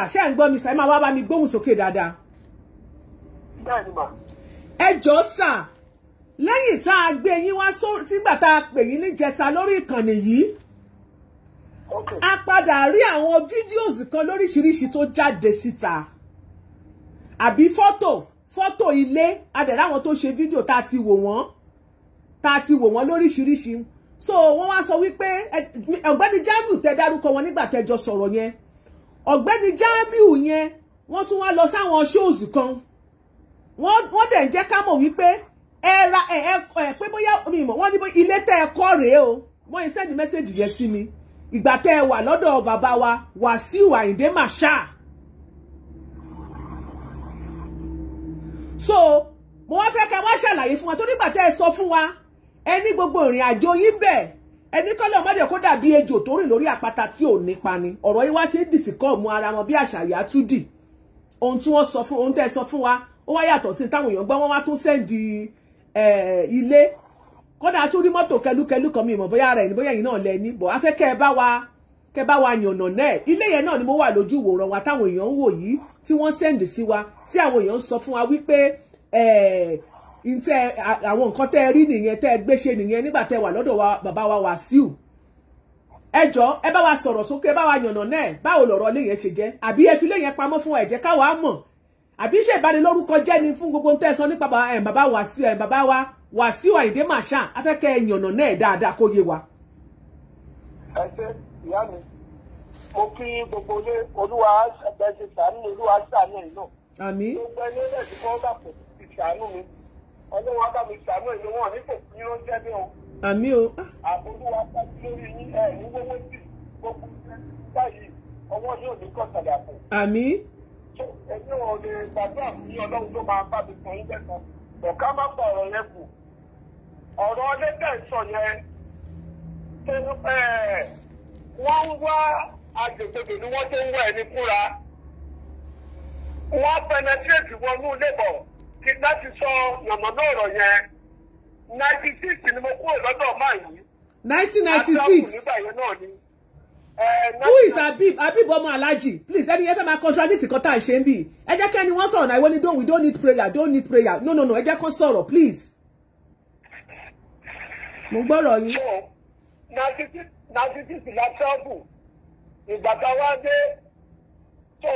sà ṣé à ń gbọ́ mi sà ẹ máa wá bá mi gbóhùn sókè dáadáa. ẹ jọ̀ọ́ sà lẹ́yìn tá a gbé yín wá sígbà tá a pè yín níjẹta lórí ìkànnì yìí a padà rí àwọn fídíòs kan lóríṣiríṣi tó jáde síta àbí fọ́tò fọ́tò ilé adẹ̀rẹ́ àwọn tó ṣe fídíò tá a ti wò wọ́n tá a ti wò wọ́n lóríṣiríṣi so wọ́n wá sọ wípé ọ̀gbẹ́ni Jamiu tẹ dárúkọ wọn nígbà tẹjọ sọ̀rọ̀ yẹn ọ̀gbẹ́ni Jamiu yẹn wọ́n tún wá lọ sáwọn ṣóòzù kan wọ́n dẹ̀ ń jẹ́ ká mọ̀ wípé ẹ ra ẹ ẹ pé bóyá mi mọ̀ wọ́n ní bóyá ilé tẹ́ ẹ kọ́ rèé o wọ́n yìí sẹ́ndì mẹ́sẹ̀gì yẹn sí mi ìgbà tẹ́ ẹ wà lọ́dọ̀ bàbá wa Wàsíù Àyìndé màṣá. so mo wá fẹ́ ká wá ṣàlàyé fún wa torí ìgbà tẹ́ ẹ sọ fún wa ẹ ní gbogbo ìrìn àjò yín bẹ́ẹ̀ ẹni kọ́lẹ̀ ọmọdé kó dàbí ejò tó rìn lórí àpáta tí ò nípa ni ọ̀rọ̀ yìí wá ti ń dìsíkọ́ mu ara wọn bí àṣàyà tún dì ohun tí wọ́n sọ fún ohun tẹ́ sọ fún wa ó wá yàtọ̀ sí táwọn èèyàn gbọ́ wọ́n wá tún sẹ́ndì ilé kódà tún rí mọ́tò kẹlúkẹlú kan mi ìmọ̀ bóyá rẹ̀ ní bóyá ẹ̀yin náà lẹ ní bọ̀ afẹ́ kẹ́ ẹ bá wa kẹ́ bá wa yànnà náà ilé yẹn náà ni mo wà lójú ìwòran wa táwọn èèyàn ń wò yìí tí wọ́n sẹ́ndì sí wa tí àwọn èèyàn ń sọ fún wa wípé ntẹ àwọn nǹkan tẹ́ ẹ rí nìyẹn tẹ́ ẹ gbé ṣe nìyẹn nígbà tẹ́ wà lọ́dọ̀ wa bàbá wa Wàsíù ẹ jọ ẹ bá wa sọ̀rọ̀ sókè ẹ bá wa yànnà náà báwo lọ̀rọ̀ lè yẹn ṣe jẹ́ àbí ẹ fi lè yẹn pamọ́ fún ẹ jẹ́ káwa mọ̀ àbí ṣe ìbánilórúkọ jẹ́ ni fún gbogbo tẹ́ ẹ sọ nípa bàbá eh, Wàsíù ẹ eh, bàbá wa Wàsíù Àyìndé Marshal afẹ́kẹ́ ẹ yànnà náà dáadáa kó yé wa. ẹ ṣe ìyá mi mo kí gbogbo ilé olúwa ẹgbẹ́ ti sàánú olúwa sàánú ìlú. àmín. gbogbo ilé rẹ̀ ọlọ́wọ́ bá mi sàánú ẹ̀yọ́ wọn nípò kí ló ń ní o. àmì o. àbúrúwa sáájú lórí yín ẹ ní gbogbo sí gbogbo báyìí ọwọ́ yóò ní kọ́ sàdà fún. àmì. tó ẹni wọn lè gbàdúrà fún ọlọ́run tó máa bá mi sàn yín lẹ́sàn-án ọ̀ká má pa ọ̀rọ̀ yẹn kù ọ̀rọ̀ ọlẹ́dẹ̀ yẹn wọ́n ń wá agbègbè ni wọ́n tó ń wá ẹni fúnra wọ́n pẹnẹtírétì kí láti sọ yànnàná ọ̀rọ̀ yẹn ninety six ni mo kúrò lọ́dọ̀ máa yìí. nineteen ninety six who is Abib? Abib ọmọ Alhaji please ẹni yẹn fẹ́ máa contradict nǹkan tá à ń ṣe ń bì ẹ jẹ́ kẹ́ni wọ́n sọ̀rọ̀ náà ìwé ni don we don't need prayer don't need prayer no no no ẹ jẹ́ kó sọ̀rọ̀ please. mo gbọ́rọ̀ yín. ninety six ninety six la travel ìgbà tá a wá dé tó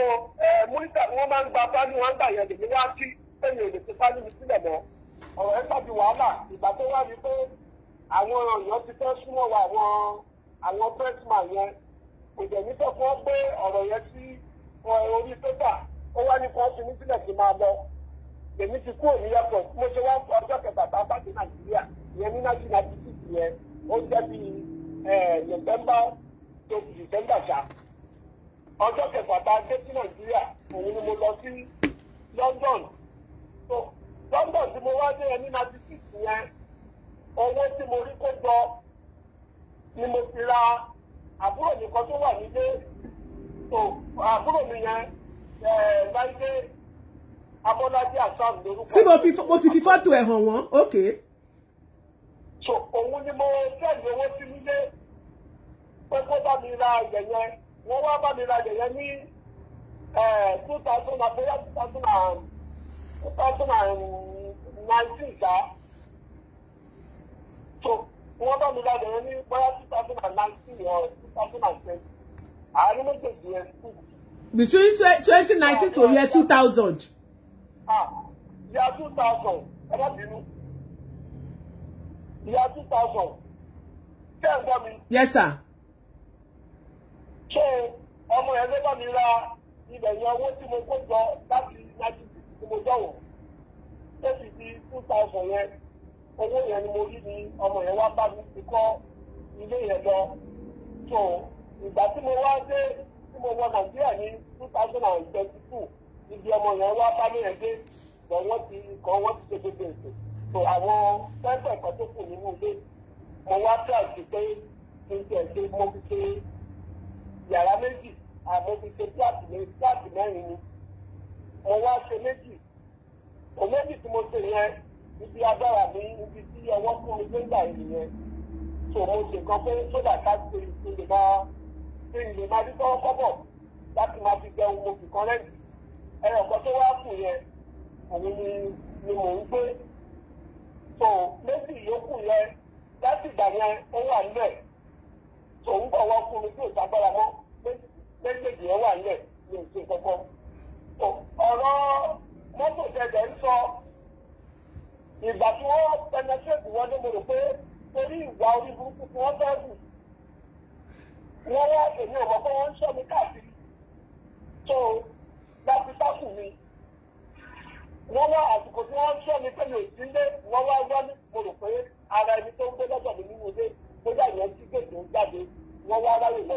ẹ múlítà wọn máa ń gba bá ní wọn gbà yẹn wá sí pé mi ò lè sílẹ̀ mọ́ ọ̀rọ̀ yẹn tàbí wàhálà ìgbà tó wá ní pé àwọn èèyàn ti fẹ́ súnmọ́ wa àwọn àwọn pressman yẹn kò dẹ̀ ní fún ọ pé ọ̀rọ̀ yẹn sí orí pépà ó wá ní kó fi mí sílẹ̀ sí máa lọ èmi ti kúrò ní airport mo ṣe wá ọjọ́ fọ́tò ẹ̀ hàn wọ́n ok. so òun ni mo sẹ́yìn owó sí nílé pé kó bá mi ra yẹ̀yẹ́ wọ́n wá bá mi ra yẹ̀yẹ́ ní eh, two thousand and four two thousand and two thousand and nineteen ṣá so wọ́n bá mi ra yẹ̀yẹ́ ní bóyá two thousand and nineteen or two thousand and twenty àárín méjèèjì ẹ̀ sí. between twenty nineteen to ah, year two thousand. ah year two thousand. ẹ má bínú ìyá two mi. yes sir. so ọmọ yẹn ló ra ibẹ̀ owó tí mo kó jọ láti láti tí mo jọ̀wọ́ yẹn owó yẹn mo rí ni ti ilé yẹn lọ tó ìgbà tí mo wa dé tí mo wọ nàìjíríà ní two ibi bọ̀ wọ́n ti ikọ̀ wọ́n ti ṣe gbogbo ètò so àwọn pẹ́pẹ́ ẹ̀kọ́ tó kù nínú ilé mo wá tí àti pé kí n tẹ̀ ṣe mo fi ṣe yàrá méjì àmọ́ fi ṣe fúláàtì mẹ́rin fúláàtì mẹ́rin ni mo wá ṣe méjì kò méjì tí mo ṣe yẹn ibi agbára mi ibi tí ọwọ́ fún mi nígbà yìí yẹn so mo ṣe nǹkan pé sódà ká ṣe ìpele máa ṣe ìlè máa dúpọ́ kọ́bọ̀ láti máa fi jẹun mo fi kan rẹ́ǹtì ẹ̀rọ kan tó wá kù yẹn òun ni ni mò ń gbé so méjì yòókù yẹn láti ìgbà yẹn ó wà nílẹ̀ so ń bọ̀ wọ́n fún mi tí ìtagbára mọ́ méjèèjì yẹn wà nílẹ̀ ní ìṣe kọ́kọ́ so ọ̀rọ̀ mọ́tò jẹjẹ ń sọ ìgbà tí wọ́n pẹnẹtírẹ̀tì wọn ni mo rò pé torí ìwà orí burúkú tí wọ́n fẹ́ rù wọ́n wá èmi ò mọ̀ pé wọ́n ń sọ mi káàkiri so láti sáfù mi wọ́n wá àsìkò tí wọ́n ń ṣọ́ mi pẹ̀lú ìdílé wọ́n wá wá ní mo rò pé ara ẹni tó ń gbé lọ́dọ̀ mi nínú ilé bóyá ìyẹn tí gbèsè ń jáde wọ́n wá ráyè lọ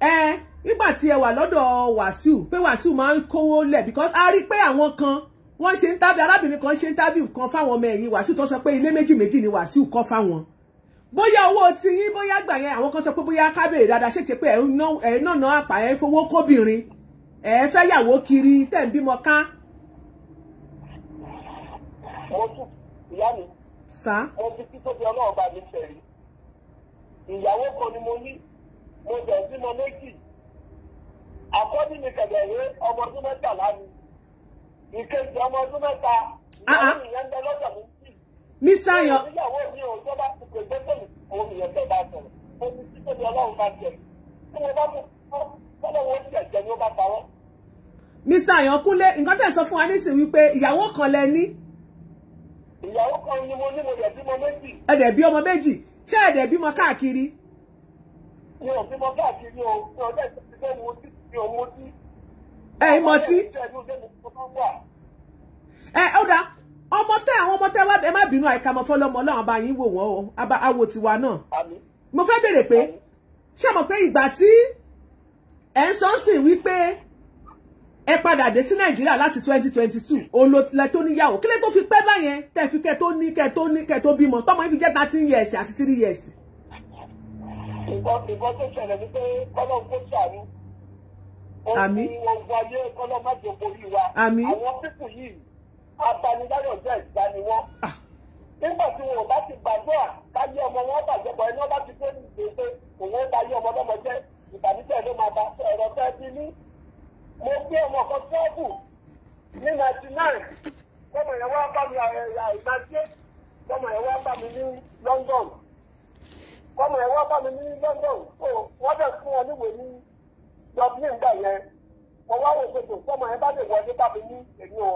ẹ nígbà tí ẹ wà lọ́dọ̀ Wàsíù pé Wàsíù máa ń kówó lẹ̀ because a rí pé àwọn kan wọ́n ṣe ń tábí arábìnrin kan ṣe ń tábí kan fáwọn ọmọ ẹ̀yìn Wàsíù tó sọ pé ilé méjì méjì ni Wàsíù kọ́ fáwọn bóyá owó ti yín bóyá gbà yẹn àwọn kan sọ pé bóyá kábèrè dáadáa ṣèṣe pé ẹ ń nànà àpà ẹ ń fowó kóbìnrin ẹ ń fẹ́ yàwó kiri tẹ̀ ń bímọ ká. mo tún ìyá mi. sá. mo fi títí ọlọ́run bá mi fẹ̀ rí ìyàwó kan ni mo ní mo jẹ̀ símọ méjì àkọ́bí mi kẹ̀lẹ̀ wé ọmọ ọdún mẹ́tàlá ni ìkejì ọmọ ọdún mẹ́ta ah, ah. ìyá ìyẹn ń bẹ lọ́jà mi sí. ní sáyọ. ìyàwó mi ò tó bá ti pè pé pé òun ìyẹn tó bá sọ̀rọ̀ mo ti sí pé ọlọ́run bá jẹ tí mo bá mú fọ́lọ́ wọn ti ẹ̀jẹ̀ ni ó bá parọ́. Mr. Àyànkúnlé nǹkan tẹ̀ sọ fún wa nísìn wípé ìyàwó kan lẹ ní. ìyàwó kan ni mo ní mo dẹ̀ bímọ méjì. ẹ dẹ̀ bí ọmọ méjì ṣé ẹ dẹ̀ bímọ káàkiri mi ò bímọ káàkiri o mi ò lẹ́sẹ̀ tí fẹ́ mu tí mi ò mu tí. ẹ ìmọ̀ tí. ẹ ó dáa ọmọ tẹ àwọn ọmọ tẹ wá ẹ má bínú àìkàmọ fọlọmọ Ọlọ́run bá yín wò wọn o àwò tiwa náà mo fẹ́ béèrè pé ṣé mọ̀ pé ìgbà tí ẹ ń sọ sí wípé ẹ padà dé sí nàìjíríà láti twenty twenty two olólè tó níyàwó kílẹ̀ tó fi pẹ́ báyẹn tẹ̀ fi kẹ́ tó ní kẹ́ tó ní kẹ́ tó bímọ tọmọ yín fi jẹ́ thirteen years àti three years nǹkan nǹkan tó ṣẹlẹ̀ ni pé kọ́lọ́ kó ṣàánú. àmì ọgbọ ayé kọ́lọ́ má jẹ borí wa. àmì àwọn pípù yìí abanidárò jẹ́ ìgbaniwọ́. Ah. nígbà tí wọn ò bá ti gbàdúrà káyé ọmọ wọn bàjẹ́ bọ̀ ẹni wọn bá ti gbé ní ìgbésẹ̀ òun ó ba ayé ọmọ lọ́mọ jẹ́ ìbànújẹ́ ló máa bá ẹ̀rọ fẹ́ bí ní. mo gbé ọmọ kan tọ́ọ̀bù ní ninety nine ọmọ yẹn wá bá mi àìmáṣe ọmọ yẹn wá bá mi ní London ọmọ ẹ̀ wá bá mi ní London so wọ́n dẹ̀ fún wọn níwèé ní Dublin gbà yẹn mo wá wò pé tòun sọmọ ẹ̀ bá lè wọlé bá mi ní èmi ò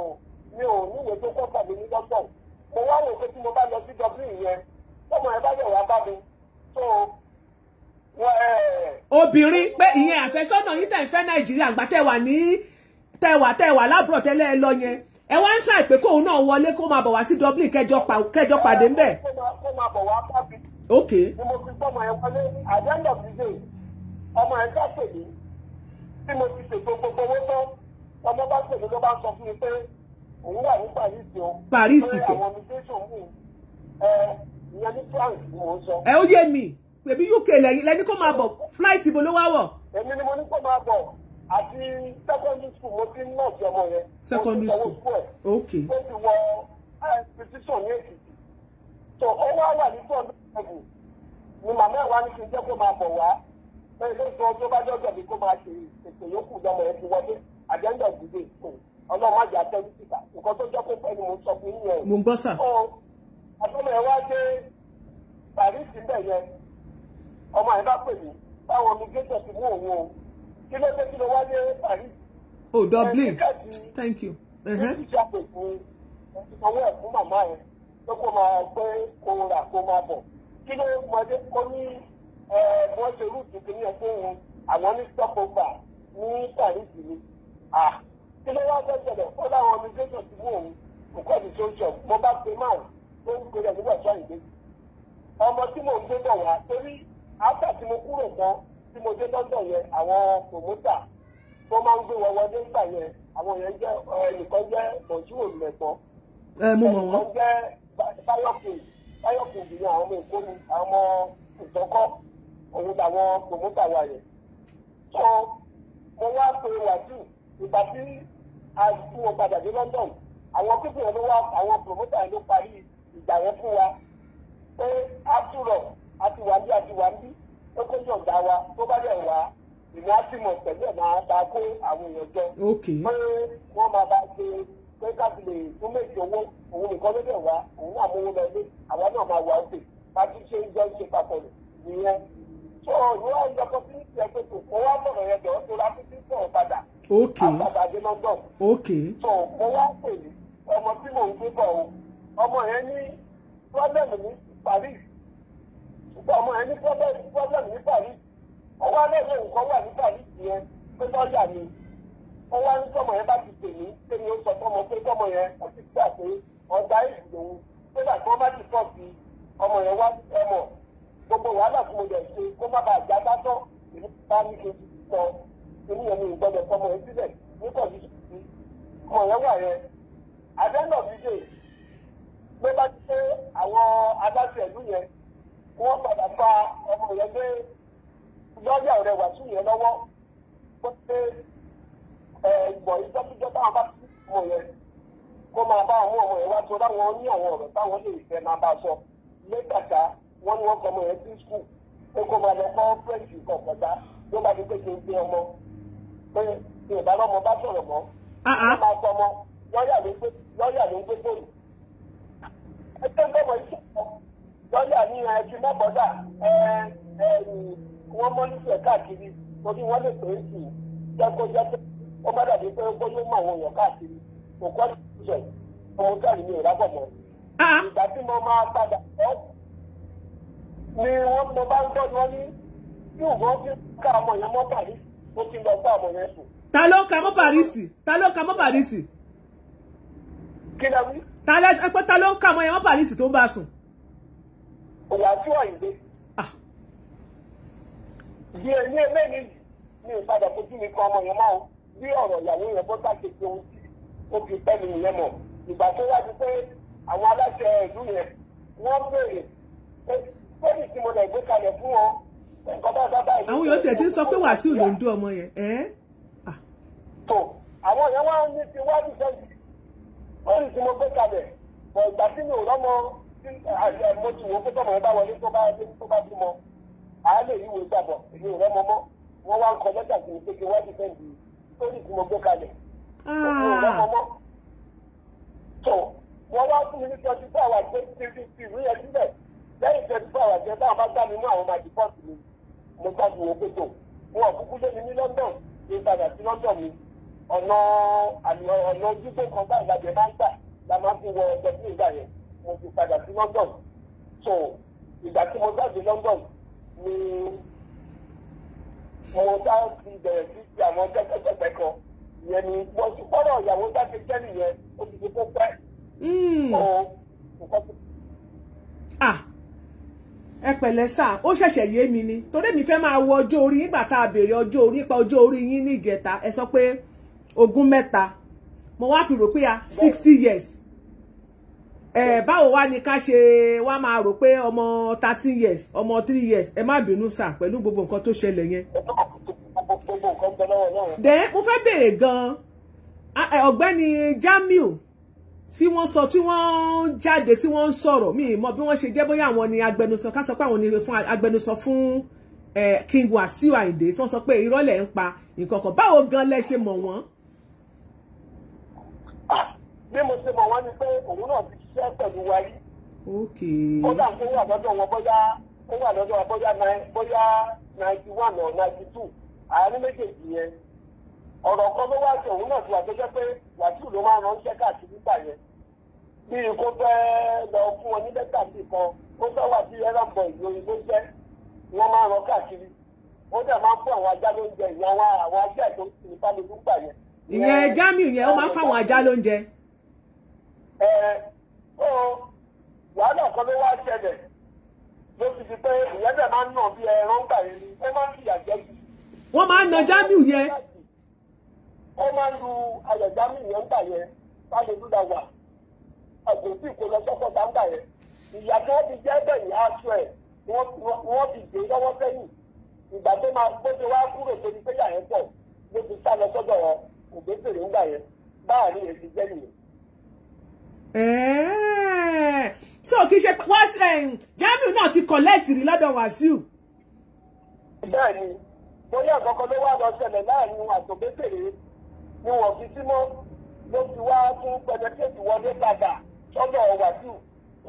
mi ò níwèé tó kọ́ tàbí ní London mo wá wò pé tí mo bá lọ sí Dublin yẹn sọmọ ẹ̀ bá lè wá bá mi so obìnrin pé ìyẹn àfẹ́sọ́nà yìí tẹ̀ ń fẹ́ nàìjíríà àgbà tẹ̀ wà ní tẹ̀ wà tẹ̀ wà lábúrò tẹ́lẹ̀ ẹ lọ yẹn ẹ wá ń tà kóun náà wọlé kó máa bọ̀ wá sí Dublin kẹjọ pàdé ńbẹ̀. kó máa bọ̀ wá bá mi Okay. ni mo fi gbọ́mọ yẹn wọlé at the ọmọ yẹn ká pè mí tí mo ti ṣètò gbogbo owó tán ọmọ bá pè mí ló bá sọ fún mi pé òun wà ní Paris o. Paris kẹ pé àwọn migration mú ẹ ìyẹn ní France ni mò ń sọ. ẹ ó yé mi pèbí UK lẹni kó máa bọ̀ flight ibo ló wá wọ̀. èmi ni mo ní kó máa bọ̀ àti secondary school mo ti ń nọ̀ọ̀sì ọmọ yẹn. secondary school ok. ó ti wọ ẹ petition ní Èkìtì so ó wá wà ní níbi ni màmá ẹ̀ wá ní kí n jẹ́ kó máa bọ̀ wá bẹ́ẹ̀ ló sọ tó bá jọ́jọ́ mi kó máa ṣe ètò yòókù lọ́mọ ẹ̀ ti wọlé àjẹ́ńdà ìdílé ìkó ọlọ́run má jẹ́ àtẹ́rí síta nǹkan tó jẹ́ kó pẹ́ ni mo sọ fún yín yẹn. mo ń gbọ́ sà. àtọ́mọ ẹ̀ wá dé Paris bẹ̀ yẹn ọmọ ẹ̀ bá pè mí báwọn mi gẹ́jọ́ ti mú òun o kí ló dé kí ló wá dé Paris. o Dublin thank you. ẹ̀ ti ṣàpè fún owó ẹ̀ fún màmá ẹ̀ pé kó máa gbé kó ra kó máa bọ̀ kí ló mọdé ó ní wọ́n ṣe rúùtù kìíní ọ̀sẹ̀ yẹn àwọn ní stọ́kọ̀gbà ní paris ni kí ló wá fẹ́ ṣẹlẹ̀ ó láwọn ọmọ ìgbésẹ̀ ti mú òun kò kọ́ ní sọ́ọ̀ṣọ̀ mo bá pe máa tó ń gbé rẹ̀ nígbà tó àyè ọmọ tí mò ń gbé bọ̀ wá torí áfà tí mo kúrò tán tí mo dé lọ́dọ̀ yẹn àwọn promoter tó máa ń gbé wọn wọlé nígbà yẹn àwọn yẹn jẹ́ ẹnìkan jẹ́ bọ̀jú òmùmẹ̀tọ́ ẹnìkan jẹ́ báyọ̀kùnrin táyọ̀ kejì ni àwọn ọmọ èkó ni àwọn ọmọ ìtọ́kọ́ òun làwọn wà yẹn. so mo wá pe wàjú ìgbà tí a tí mo padà dé London àwọn pípìn ló wá àwọn tòmótà ló parí yẹn fún wa pé a túrọ̀ a ti wà ní a ti wà ní wa tó bá yẹ̀ wá mọ̀ pẹ̀lú ẹ̀ máa ta kó àwọn èèyàn pé ká lè tún méjì owó òun nìkan ló dẹ̀ wá òun náà mówó lọ ilé àwa náà máa wà òkè bá ṣe ń jẹ́ ṣe papọ̀ nìyẹn. tó ìwé ọjọ́ kan sí ìṣẹ́gbẹ́ tó kó wá mọ̀rọ̀ yẹn jọ̀ọ́ tó láti fi sọ̀rọ̀ padà. ok àgbàdàgbé london. ok tó mo wá pè ní ọmọ tí mò ń gbé bọ̀ o ọmọ yẹn ní pọ́blẹ́mù ní paris ṣùgbọ́n ọmọ yẹn ní pọ́blẹ́mù ní paris ọwọ́ alẹ́ ìwé nǹkan wà ní paris yẹn pé lọ́ọ̀yà ni ọwọ́ alẹ́ sọ̀mọ̀ yẹn bá ti pè mí ní ẹtí mọ́kọ́dà wọ́n mọ́ ní ìṣẹ̀ káàkiri torí wọ́n lè pè é sí i jẹ́kó jẹ́kó ó má dàbí pé ó gbóyè mọ̀ àwọn èèyàn káàkiri kò kọ́ ní ìṣẹ̀ ohun tí àlùmí ò rábọ̀ mọ́. ìgbà tí mo máa padà bọ́ ni wọ́n mo bá ń gbọ́ ni wọ́n ní bí òun ó fi ká ọmọ yẹn mọ́ Paris ó ti lọ gbọ́ ọmọ yẹn sùn. ta ló ka mọ́ Paris ta ló ka mọ́ Paris. kí ló wí. ta ló ń ka ọmọ yẹn mọ́ Paris tó ń bá sùn òyàjú ọ̀yìnbé ah. bí ẹni ẹlẹ́ni mi ìpadà fojú mi kan ọmọ yẹn mọ́ bí ọ̀rọ̀ ìyàwó yẹn bó bá ṣe ṣe ohun ó fi pẹ́ mi yẹn mọ̀ ìgbà tó wá di pé àwọn aláṣẹ ìlú yẹn wọ́n béèrè pé pẹ́ẹ́lí tí mo lè gbé kalẹ̀ fún wọn nǹkan bá dábàá ìlú. àwọn yóò tiẹ̀ ti sọ pé Wàsíù ló ń dún ọmọ yẹn. Ah. tó àwọn yẹn wá ní ti sẹ́yìn pẹ́ẹ́lí tí mo gbé kalẹ̀ bọ̀ ìgbà tí mi ò rọ́mọ mo ti wò ó pé tọ́mọ̀ bá wọlé tó bá dé tó bá bímọ àá lè yíwò gbàbọ̀ èmi ò rọ́mọ mọ́ wọ́n wá ń kọ lẹ́tà sí mi pé kí wọ́n ti fẹ́ di sórí tí mo gbé kalẹ̀ èmi ò rọ́mọ mọ́ tó wọ́n wá fún mi ní twenty four hours pé ti fi fi ìwé yẹn síbẹ̀ lẹ́yìn twenty four hours yẹn táwọn bá gbá mi mú àwọn máa dìpọ́ọ̀tì mi mo gbàgbọ́ wò pé tó wọn kúkú lé mi ní London ṣe padà sí London mi ọ̀nà ọ̀nà ojúgbó kan báyìí mo ti padà sí London so ìgbà tí mo jáde London ni mo bá ti bẹ̀rẹ̀ sí ti àwọn jẹ́gbẹ́jẹ́gbẹ́ kan ìyẹn ni mo ti fọ́rọ̀ ìyàwó jáde jẹ́ nìyẹn ó ti di kó pẹ́. Hmm. ẹ pẹ̀lẹ́ sà ó ṣẹ̀ṣẹ̀ yé mi ni torí mi fẹ́ máa wo ọjọ́ orí nígbà tá a béèrè ọjọ́ orí pa ọjọ́ orí yín ní ìgẹ̀ta ẹ sọ pé ogún mẹ́ta mo wá fi rò pé a sixty years ẹ eh, báwo wá ni ká ṣe wá máa rò pé ọmọ thirteen years ọmọ three years ẹ má bínú sà pẹ̀lú gbogbo nǹkan tó ṣẹlẹ̀ yẹn. then mo fẹ́ béèrè gan-an ọ̀gbẹ́ni Jamiu tí wọ́n sọ tí wọ́n jáde tí wọ́n ń mi mọ bí wọ́n ṣe jẹ́ bóyá àwọn ni agbẹnusọ ká sọ pé àwọn ni agbẹnusọ fún King Wasiu Ayinde tí wọ́n sọ pé ìrọ́lẹ̀ ń pa nǹkan kan báwo gan lẹ ṣe mọ̀ wọ́n. Ah, bí mo ṣe mọ̀ wọ́n ni pé òun náà ti ṣiṣẹ́ pẹ̀lú wa rí. ó dà kó wà lọ́dọ̀ wọn bóyá ó wà lọ́dọ̀ wọn bóyá bóyá ninety one or ninety two àárín yẹn ọ̀rọ̀ kan ló wá sí òun náà ti wà tó jẹ́ pé wàásù ló yẹn fẹ́ lọ fún wọn ní lẹ́tà sí kan ó wà sí ẹran bọ̀ ìlú jẹ́ wọ́n máa káàkiri ó dẹ̀ máa ń fún àwọn ajá lóúnjẹ àwọn ajá yẹn. ìyẹn Jamiu yẹn ó máa ń fáwọn ajá so wàhálà kan ló wá ṣẹlẹ̀ ló ti di pé ìyẹn máa ń nà bí ẹran gbà yẹn ni máa ń jẹ yìí. wọ́n máa ń na Jamiu yẹ. ó máa ń lu ayọ̀ Jamiu yẹn gbà yẹn sálẹ̀ lúdà wà àgbò tí kò lọ sọ́kọ̀ gbangba yẹn ìyá tí ti aṣọ wọ́n ti gbé lọ́wọ́ sẹ́yìn ìgbà tó máa wá kúrò pé pọ̀ ló ti sá lọ so kì í ṣe wá um, Jamiu náà ti collect rí lọ́dọ̀ Wàsíù. bẹ́ẹ̀ ni bóyá àkọ́kọ́ ló wá lọ ṣẹlẹ̀ láàrin àtòkébèrè ni wọ́n fi símọ́ ló ti wá fún pẹ̀lẹ́kẹ́tì wọlé padà sọ́dọ̀ Wàsíù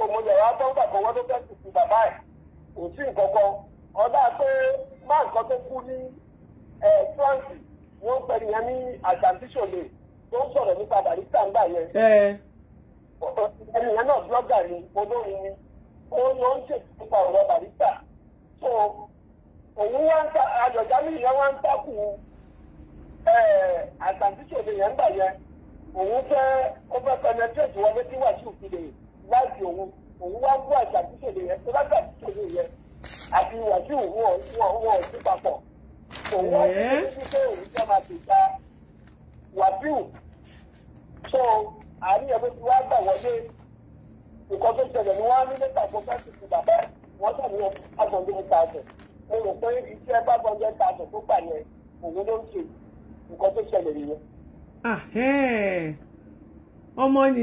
òmò yàrá tó ń gbàgbọ́ wọ́n ló fẹ́ sì bàbá ẹ̀ kò sí nǹkan kan ọ̀dà pé má nǹkan tó kú ní France wọ́n pẹ̀lú yẹn ní àjàǹdíṣòlè tó ń sọ̀rọ̀ nípa Barrister ńgbà ẹnìyẹn náà blọ́gà ni olórin ni ó ló ń ṣètò nípa ọ̀rọ̀ so òun wá ń ta ayọ̀jáde yẹn wá ń takù àtàntìṣòdè yẹn gbà yẹn òun fẹ́ ó fẹ́ penetrate wọlé tí wàásù fi lè láti òun òun wá ń yẹn tó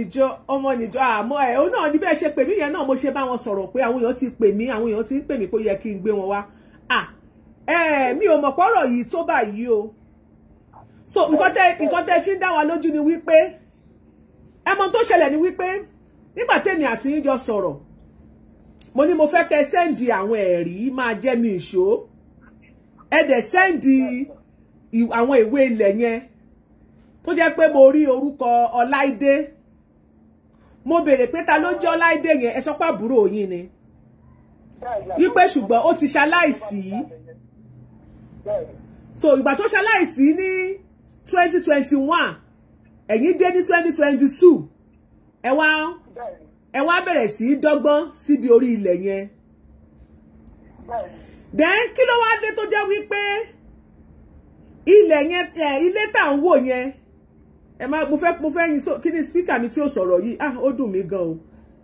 nìjọ ọmọ nìjọ àmọ́ ẹ̀ òun náà ní bẹ́ẹ̀ ṣe pè mí yẹn náà mo ṣe bá wọn sọ̀rọ̀ pé àwọn èèyàn ti pè mí àwọn èèyàn ti ń pè mí pé ó yẹ kí n gbé wọn wá à ẹ̀ mi ò mọ̀ pọ́rọ̀ yìí tó báyìí o so nǹkan tẹ́ nǹkan tẹ́ fi ń dá wa lójú ni wípé ẹmọ tó ṣẹlẹ̀ ni wípé nígbà tèmi àti yín jọ sọ̀rọ̀ mo ní mo fẹ́ kẹ́ sẹ́ǹdì àwọn ẹ̀rí máa jẹ́ mi ìṣó ẹ dẹ̀ sẹ́ǹdì àwọn ìwé ilẹ̀ yẹn tó jẹ́ pé mo rí orúkọ Ọláìdé mo béèrè pé ta ló jẹ́ Ọláìdé yẹn ẹ sọ pé àbúrò yín ni wípé ṣùgbọ́n ó ti ṣaláìsí so ìgbà tó ṣaláìsí ní twenty twenty one ẹ̀yin dé ní twenty twenty two ẹ wá ẹ wá bẹ̀rẹ̀ sí í dọ́gbọ́n síbi orí ilẹ̀ yẹn then kí ló wá dé tó jẹ́ wípé ilẹ̀ yẹn ilé tá à ń wò yẹn ẹ má mo fẹ́ mo fẹ́ yin kí ni spíkà mi tí ò sọ̀rọ̀ yìí ah ó dùn mí gan o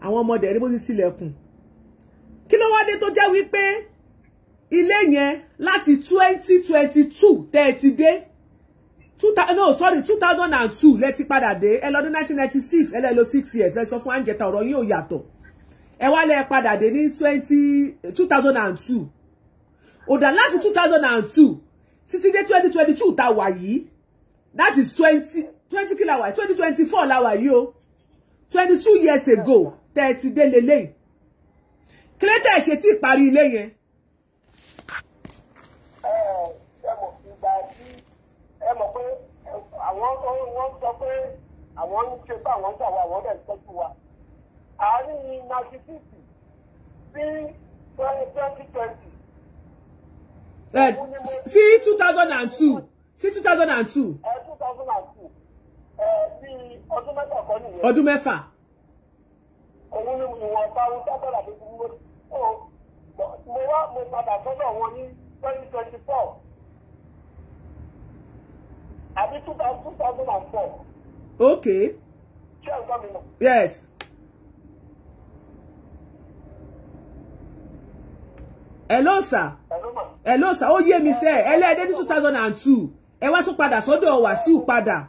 àwọn ọmọdé rí bó ti tilẹ̀kùn kí ló wá dé tó jẹ́ wípé ilé yẹn láti twenty twenty two tẹ́ ẹ two thousand no sorry two thousand and two lẹ ti padà dé ẹ lọ́dún nineteen ninety six ẹ lẹ́ six years lẹ so fun àǹjẹta ọ̀rọ̀ yín ò yàtọ̀ ẹ wá lẹ padà dé ní twenty two thousand and two ọ̀dà láti two thousand and two títí dé twenty twenty two tá wà that is twenty twenty kí la twenty twenty four la wà yìí twenty two years ago thirty dé lélẹ́yìí kílẹ́tà ẹ̀ ṣe tí ìparí ilé yẹn. ẹ mọ̀ pé àwọn wọ́n sọ pé àwọn ń ṣe bá àwọn gbà wá àwọn dẹ̀ ń tọ́jú wa àárín ninety sí twenty twenty. sí two thousand and two sí two thousand and two. two thousand and two bíi ọdún mẹ́fà kọ́ nìyẹn. ọdún mẹ́fà. òun ni ìwọ̀n ọ̀pá two thousand and yes. hello sir hello sir ó yé mi sẹ́ ẹ lẹ́ẹ̀dẹ́ ní two thousand and two ẹ wá tún padà sọ́dọ̀ Wàsíù padà.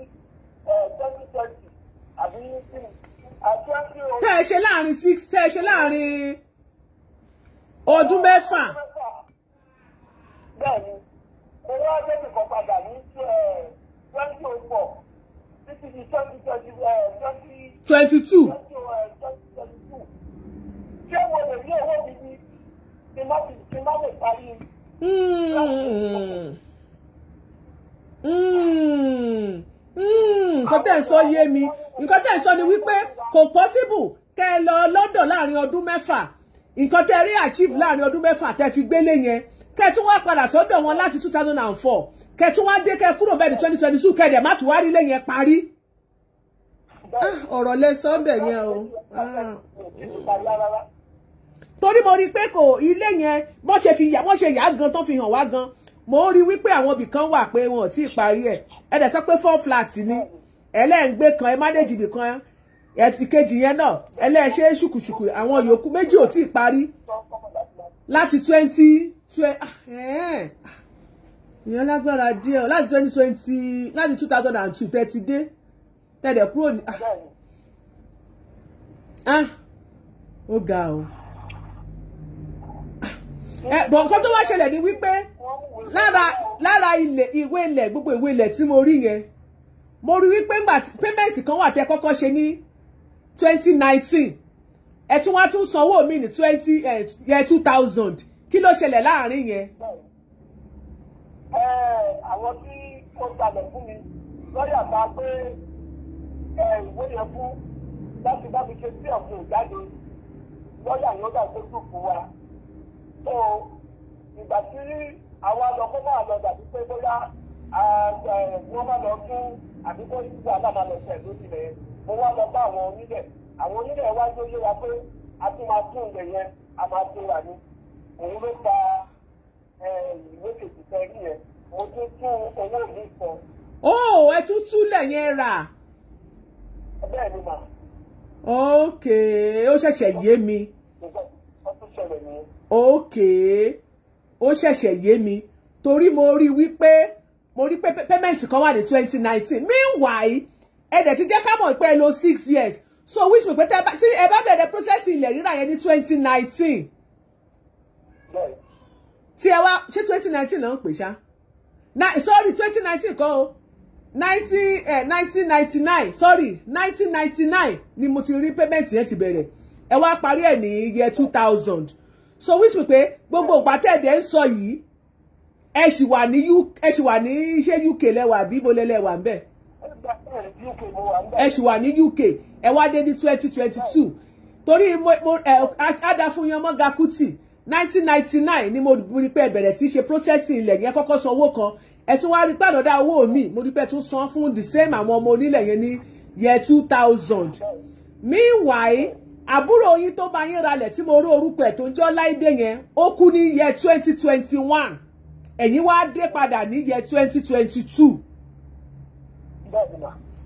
tẹ́ ṣe láàrin six tẹ́ ṣe láàrin ọdún mẹ́fà. bẹ́ẹ̀ni mo wá kan padà ní twenty oh four títí di twenty twenty twenty. twenty two. ṣé mo lè ní owó mi ní kí n parí. Mm. Mm. Hmm, nǹkan tẹ́ ń sọ yé mi nǹkan tẹ́ ń sọ ni wípé kò possible kẹ́ ẹ lọ London láàrin ọdún mẹ́fà nǹkan tẹ́ rí achieve láàrin ọdún mẹ́fà tẹ́ fi gbélé yẹn kẹ́ ẹ tún wá padà sọ́dọ̀ wọn láti two thousand and four kẹ́ ẹ tún wá dé kẹ́ ẹ kúrò bẹ́ẹ̀ ní twenty twenty two kẹ́ ẹ dẹ̀ má tún wá rí lé yẹn parí. Ah, ọ̀rọ̀ lẹ sọ́ndẹ̀ yẹn o. Ah. torí mo rí i pé kò ilé yẹn wọ́n ṣe yà gan tó fi hàn wá gan mo rí wípé àwọn ibì kan wà pé wọn ò tí ì parí ẹ̀ ẹ dẹ̀ sọ pé four flat ni ẹlẹ́ǹgbé kan ẹ manage ibì kan ìkejì yẹn E le ṣùkùṣùkù àwọn yòókù méjì ò tí ì pari. láti twenty ah, ìyẹn lágbára díẹ̀ láti twenty twenty láti two thousand and two thirty dé tẹ̀dẹ̀ kúrò ah. ah. ó ga o. Ah. bọ̀ nǹkan tó wa ṣẹlẹ̀ ni wípé lára lára ilẹ̀ ìwé ilẹ̀ gbogbo ìwé ilẹ̀ tí mo rí yẹn mo rí wípé ńgbà payment kan wà tẹ́ kọ́kọ́ ṣe ní twenty nineteen ẹ tún wá tún sanwó mi ní twenty eh, yẹ two thousand kí ló ṣẹlẹ̀ láàrin yẹn. ẹ eh, àwọn tí ó gbalẹ̀ fún mi lọ́ọ̀yà bá pé eh, ìwé yẹn fún láti bá mi ṣe sí ọ̀fun ìjáde lọ́ọ̀yà yóò tó dùn fún wa àwọn àlọ́ kó máa lọ dàbí pé bóyá wọ́n máa lọ fún àdúgbò ìdílé alábàlọ́sẹ̀ lórí rẹ̀ mo wá lọ bá àwọn onílẹ̀ àwọn onílẹ̀ wá ló yé wa pé a tún máa tún ilẹ̀ yẹn a máa tún rà ní òun ló fa ìwé kejì rí yẹn mo tún tún owó mi sọ. ó ẹ tún túlẹ̀ yẹn rà. bẹ́ẹ̀ ni mà. ok ó ṣẹ̀ṣẹ̀ yé mi. ó tún ṣẹlẹ̀ nìyẹn. ok. okay ó ṣẹ̀ṣẹ̀ yé mi torí mo rí wípé mo rí pé payment kan wà ní twenty nineteen meanwhile ẹ dẹ̀ ti jẹ́ ká pé ẹ lò six years so which means pé tí ẹ bá bẹ̀rẹ̀ process ilẹ̀ rírà yẹn ní twenty nineteen tí ẹ wá ṣé twenty nineteen náà ń pè ṣá sorry twenty nineteen kọ́ o nineteen ninety nine sorry nineteen ninety nine ni mo ti rí payment yẹn ti bẹ̀rẹ̀ ẹ wá parí ẹ̀ ní year two thousand so which mean pé gbogbo ìpàtẹ́ẹ̀dẹ̀ ń sọ yìí ẹ sì wà ní ẹ sì wà ní ṣé UK lẹ́wà bí ibo lẹ́lẹ́wà ń bẹ̀ ẹ sì wà ní UK ẹ wá dé ní twenty twenty two torí Adafúnyàn Mọ́gà Kútì nineteen ninety nine ni mo rí pé ẹ bẹ̀rẹ̀ sí ṣe processing ilẹ̀ yẹn kọ́kọ́ san owó kan ẹ tún wá rí pé àdọ́dá owó mi mo rí pé tún san fún the same àwọn ọmọ onílẹ̀ yẹn ní year two thousand meanwhile àbúrò yín tó bá yín ralẹ̀ tí mo rí orúkọ ẹ̀ tó ń jọ́ láìdé yẹn ó kú ní yẹ twenty twenty wá dé padà ní yẹ twenty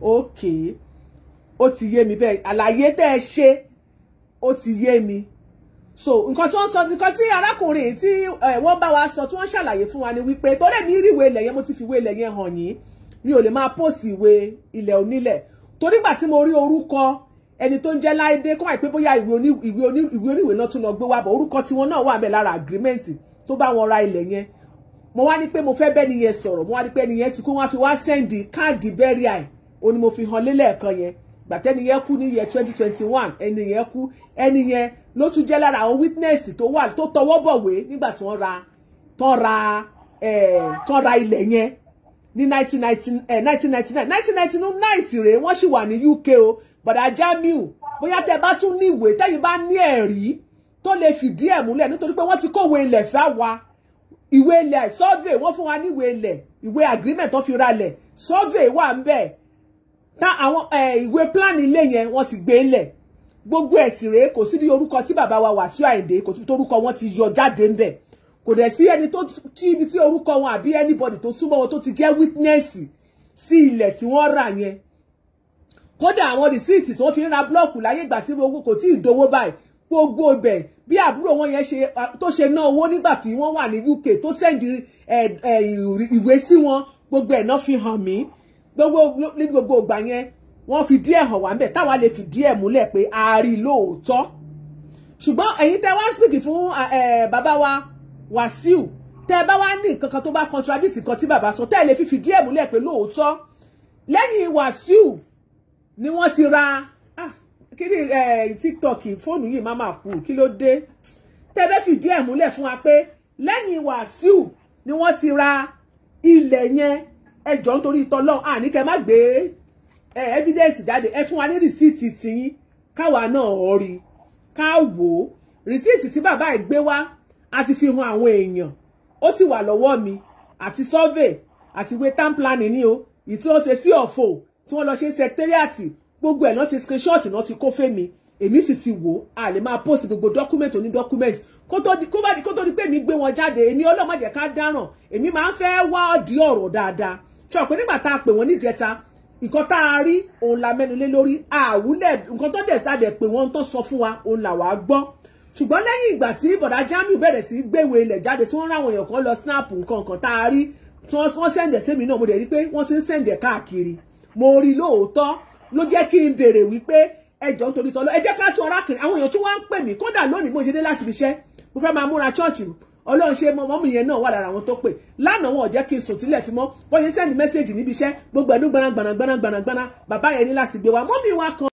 ok ó ti yé mi bẹ́ẹ̀ àlàyé tẹ́ ẹ ṣe ó ti yé mi so nǹkan tí wọ́n sọ nǹkan tí arákùnrin tí wọ́n bá wa sọ tí wọ́n ṣàlàyé fún wa ni wípé torí mi rí ìwé ilẹ̀ yẹn mo ti fi ìwé ilẹ̀ yẹn hàn yín mi ò lè máa pòsì ìwé ilẹ̀ onílẹ̀ torí gbà tí mo rí orúkọ ẹni tó ń jẹ́ láìdé kọ́ àìpé bóyá ìwé oníwèé náà tún lọ gbé wá bọ̀ orúkọ tiwọn náà wà mẹ́ lára àgírímẹ́ǹtì tó bá wọn ra ilẹ̀ yẹn mo wá ní pé mo fẹ́ bẹ́ni yẹn sọ̀rọ̀ mo wá ní pé ẹni yẹn ti kú wọn fi wá sẹ́ndì káàdì bẹ́ríà ẹ̀ o ni mo fi hàn lélẹ̀ẹ̀kan yẹn gbàtẹ́ni yẹn kú ní yẹn twenty twenty one ẹni yẹn kú ẹni yẹn ló tún jẹ́ lára àwọn witness tó wà tó tọwọ́ bọ̀wé nígbà tí wọ́n ra tán ra ẹ̀ tán ra ilẹ̀ yẹn ní nineteen ninety nine nineteen ninety nine nineteen ninety nine sì rèé wọ́n sì wà ní UK o bọ̀dá Jamiu bóyá tẹ bá tún ní ìwé tẹ́yìn bá ní ẹ̀rí tó lè fìdí ẹ̀ múlẹ̀ nítorí pé wọ́n ti kówé ilẹ̀ fáwa ìwé ilẹ̀ survey wọ́n fún wa ní ìwé ilẹ̀ ìwé agreement tó fi ra lẹ̀ survey wà ń bẹ̀ tá àwọn ìwé plan ilé yẹn wọ́n ti gbé lẹ̀ gbogbo ẹ̀sìn rèé kò sí ní orúkọ tí bàbá wa Wàsíù Àyìndé kò sí ní orúkọ wọn ti yọ jáde ńbẹ̀ kò dẹ̀ sí ẹni tó tí ibi tí orúkọ wọn àbí anybody tó súnmọ́ wọn tó ti jẹ́ witness sí ilẹ̀ tí wọ́n rà yẹn kódà àwọn rìsíìtì tí wọ́n fi ń ra búlọ́ọ̀kù láyé ìgbà tí owó kò tí ì dowó báyìí gbogbo ibẹ̀ bí àbúrò wọn yẹn ṣe tó ṣe ná owó nígbà tí wọ́n wà ní UK tó sẹ́ndì eh, eh, ìwé sí wọn gbogbo ẹ̀ náà fi hàn mí gbogbo ní gbogbo ìgbà yẹn wọ́n fi díẹ̀ hàn wá ńbẹ̀ táwa lè fi díẹ̀ múlẹ̀ pé a rí lóòótọ́ ṣùgbọ́n ẹ̀yin tẹ́ wá speak fún eh, bàbá wa Wàsíù tẹ́ bá wá ní nǹkan kan tó bá contradict kan tí bàbá sọ tẹ́ lè fi fi díẹ̀ múlẹ̀ pé lóòótọ́ lẹ́yìn Wàsíù ni wọ́n ti ra ah, kiri eh, tiktok fóònù yìí mama máa kú kí ló dé tẹ́lẹ̀ fìdí ẹ̀ múlẹ̀ fún wa pé lẹ́yìn wàsíù ni wọ́n ti ra ilẹ̀ yẹn ẹjọ́ nítorí tọ́lọ́ àní kẹ́ má gbé evidence jáde ẹ fún wa ni rìsíìtì tìyín káwa náà rí ká wò ó rìsíìtì tí bàbá ẹ̀ gbé wá a ti fi hàn àwọn èèyàn ó sì wà lọ́wọ́ mi àti survey àti wé town planning ni o ìtí ó ṣe sí ọ̀fọ̀ tí wọ́n lọ ṣe sẹkítẹ́rìàtì gbogbo ẹ̀ náà ti screenshot náà ti kó fẹ́mi èmi sì ti wò á lè máa post gbogbo document oní document kó tó di kó tó di pé mi gbé wọn jáde èmi ọlọ́mọ jẹ́ ká dáràn èmi máa ń fẹ́ wá ọ̀dí ọ̀rọ̀ dáadáa tí wọ́n pè nígbà tá a pè wọ́n níjẹta nǹkan tá a rí òun la mẹ́nulé lórí àwúlẹ̀ nǹkan tó dẹ̀ tá a dẹ̀ pè wọ́n tó sọ fún wa òun là wá gbọ́ ṣùgbọ́n lẹ́yìn ìgbà tí bọ̀dá Jamiu bẹ̀rẹ̀ sí gbéwèé ilẹ̀ jáde tí wọ́n ráwọn èèyàn kan lọ snap nǹkan kan tá a rí tí wọ́n sẹ̀ǹdẹ̀ sẹ́mi náà mo dẹ̀ rí pé wọ́n ti ń sẹ̀ǹdẹ̀ káàkiri mo rí lóòótọ́ ló jẹ́ kí n béèrè wípé ẹjọ́ nítorí tọ́lọ́ ẹ jẹ́ ká tún ọ̀rá kiri àwọn èèyàn tí wọ́n ń pè mí kódà lónìí mo ṣe dé láti fi ṣẹ́ mo fẹ́ máa múra ṣọ́ọ̀ṣì ọlọ́run ṣe mọ́mí yẹn náà wà lára àwọn tó pè lánàá wọn ò jẹ́ kí n sùn sílẹ̀ fi mọ́ bọ́yẹ sẹ́ndì mẹ́sẹ̀gì níbi iṣẹ́ gbogbo ẹnu gbanagbanagbanagbanagbana bàbá yẹn ní láti gbé wa mọ́mí wa kan.